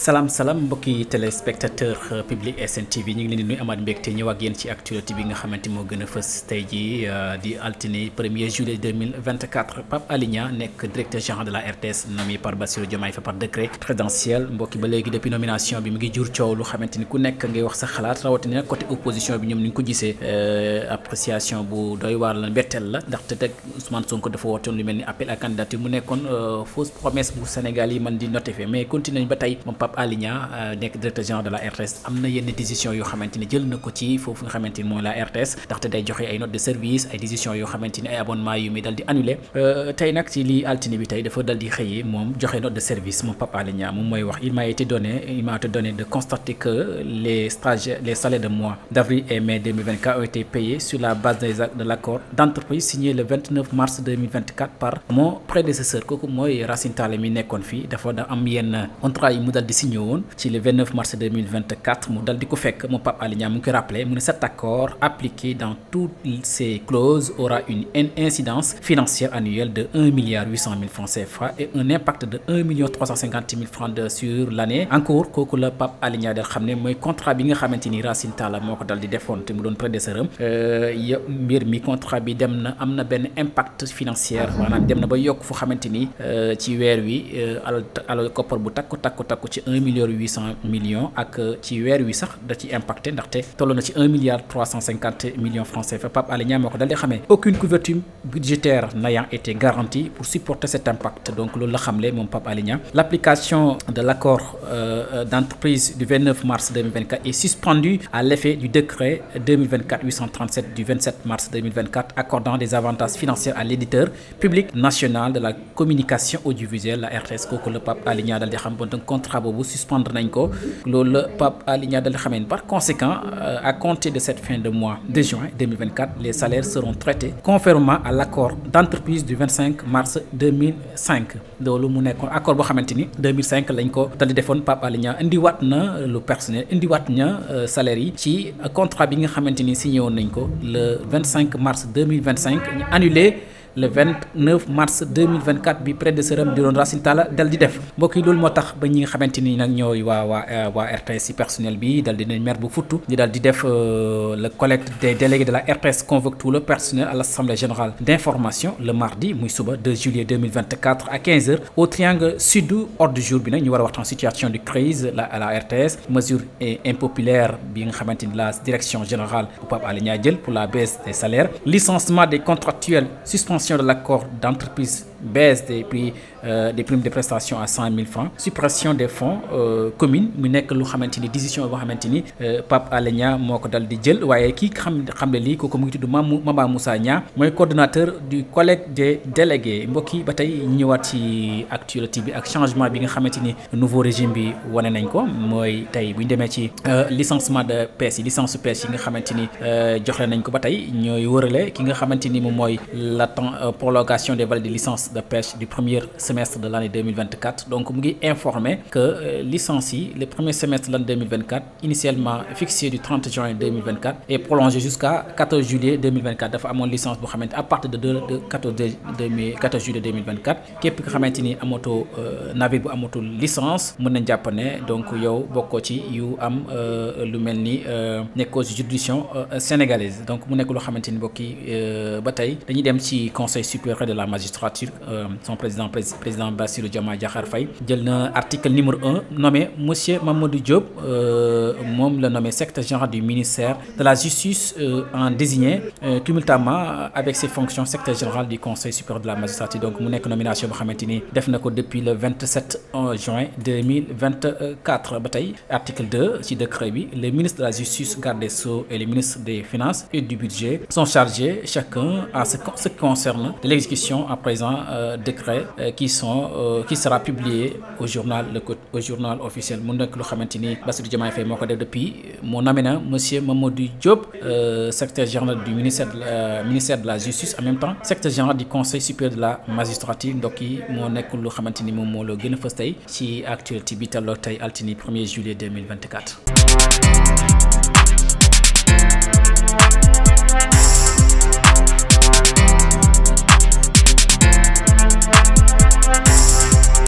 salam salaam mbokki téléspectateur euh, public SNTV TV ñu ngi leen di nuyu amaat mbégte ñëw ak yéen ci actualité bi nga xamanteni mo gëna fess tay ji euh, di di 1er juillet 2024 Pape Alé nek directeur général de la RTS nommé par Bassirou Diomaye Faye par décret présidentiel mbokki ba légui depuis nomination bi mu ngi jur ciow lu xamanteni ku nek ngay wax sa xalaat rawati nag côté opposition bi ñom ñu ko gisee euh, appréciation bu doy war la bettel la ndaxte teg Ousmane Sonko dafa wootoon lu melni appel à candidature mu nekkon fausse promesse bu Sénégal yi man di notifié mais continue ba tey moom Pape Aly Niang euh, directeur général de la RTS am na yenn décision yoo xamante ni jël na il ci foofu nga xamante la RTS ndaxte day joxe ay note de service ay décision yoo xamante ay abonnement yu muy dal di annulé euh, tey nag ci lii altine bi tey dafa dal di xëyee moom note de service Mon papa Aly Niang moom wax il m'a été donné il m'a été donné de constater que les stages les salaires de mois d'avril et mai 2024 ont été payés sur la base de l'accord d'entreprise signé le 29 mars 2024 par mon prédécesseur kooku Moy Racine Talla mi nekkoon fii dafa da am yenn contrat yi mu signé ci le 29 mars 2024 mu dal di ko fekk moom Pape Alé Niang mu ngi koy rappelé ne cet accord appliqué dans toutes ses clauses aura une incidence financière annuelle de 1 milliard 800 000 francs CFA et un impact de 1 million 350 000 francs sur l'année encore kooku la Pape Alé Niang dal xam ne mooy contrat bi nga xamante ni Racine Talla moo ko dal di defoon te mu doon prédécesseur am euh, ya mbir mi contrat bi dem na am impact financier maanaam dem na ba yokk fu xamante ni euh, ci weer wi euh, alal alal koppar bu takku takku takku ci 1 milliard 800 millions ak euh, ci sax da ci 350 millions Pape aucune couverture budgétaire n'ayant été garantie pour supporter cet impact donc le la xamlé mom Pape l'application de l'accord euh, euh, d'entreprise du 29 mars 2024 est suspendue à l'effet du décret 2024 837 du 27 mars 2024 accordant des avantages financiers à l'éditeur public national de la communication audiovisuelle la RTS que le Pape Alé Niang di xam bon contrat suspendre nañ ko Pape par conséquent euh, à compter de cette fin de mois de juin 2024 les salaires seront traités conformément à l'accord d'entreprise du 25 mars 2005 loolu mu nekkoon accord boo 2005 lañ ko dal di defoon Pape euh, personnel indiwaat na euh, salaire yi ci contrat bi nga signé woon nañ le 25 mars 2025 annulé le 29 mars 2024 bi de am di doon Racine Sintala dal di def mbokk yi loolu moo tax ba ñi nga xamante ni nag ñooy waa euh, RTS personnel bi dal nañ mer bu futtu ñu dal def euh, le collecte des délégués de la RTS convoque tout le personnel à l'assemblée générale d'information le mardi muy suba 2 juillet 2024 à 15h au triangle sud Hors du jour bi nag ñu war a situation de crise la à la RTS mesure impopulaire bi nga la direction générale bu Pape Alé jël pour la baisse des salaires licenciement des contractuels suspension de l'accord d'entreprise baisse des prix euh, des primes de prestation à cent mille francs suppression des fonds euh, communes mu nekk lu xamante ni décision boo xamante ni euh, Pape Alé Niang moo ko dal di jël waaye kii xam xam ne lii kooku mu ngi tudd Mamou Maba Moussa Niang mooy coordonnateur du collège des délégués mbokk yi ba tey ñëwaat ci actualité bi ak changement bi nga xamante ni nouveau régime bi wane nañ ko mooy tey bu ñu demee ci licenciement de pêche licence pêche yi nga xamante ni joxle nañ ko ba tey ñooy wërale ki nga xamante ni moom la prolongation des valides de licence de pêche du premier semestre de l'année 2024 donc je informer que euh, licence les le premier semestre de l'année 2024 initialement fixé du 30 juin 2024 et prolongé jusqu'à 14 juillet 2024 À mon licence une à partir de de 14 juillet 2024 qui est xamante moto amatoo euh, navire bu licence mën japonais donc yow bokkoo ci yu am euh, lu mel judiciaires sénégalaise donc mon école loo xamante bataille mbokk conseil supérieur de la magistrature euh, son président président Bassirou Diama Diakhar Faye article numéro 1 nommé monsieur Mamadou Diop le euh, le nommé secrétaire général du ministère de la justice euh, en désigné Cumultamment avec ses fonctions secrétaire général du conseil supérieur de la magistrature donc mon nomination boo depuis le 27 juin 2024 bataille article 2 ci décret le ministre de la justice garde des et le ministre des finances et du budget sont chargés chacun à ce qui concerne de l'exécution à présent euh, décret euh, qui sont euh, qui sera publié au journal le au journal officiel mu nekk lu parce que Bassirou Diomaye fait moo def depuis mon amenant monsieur monsieur Mamadou Diop euh, secrétaire général du ministère de ministère de la justice en même temps secrétaire général du conseil supérieur de la magistrature donc yi mo nek lo xamanteni mom mo lo la gën tay ci actualité bi tay altini 1er juillet 2024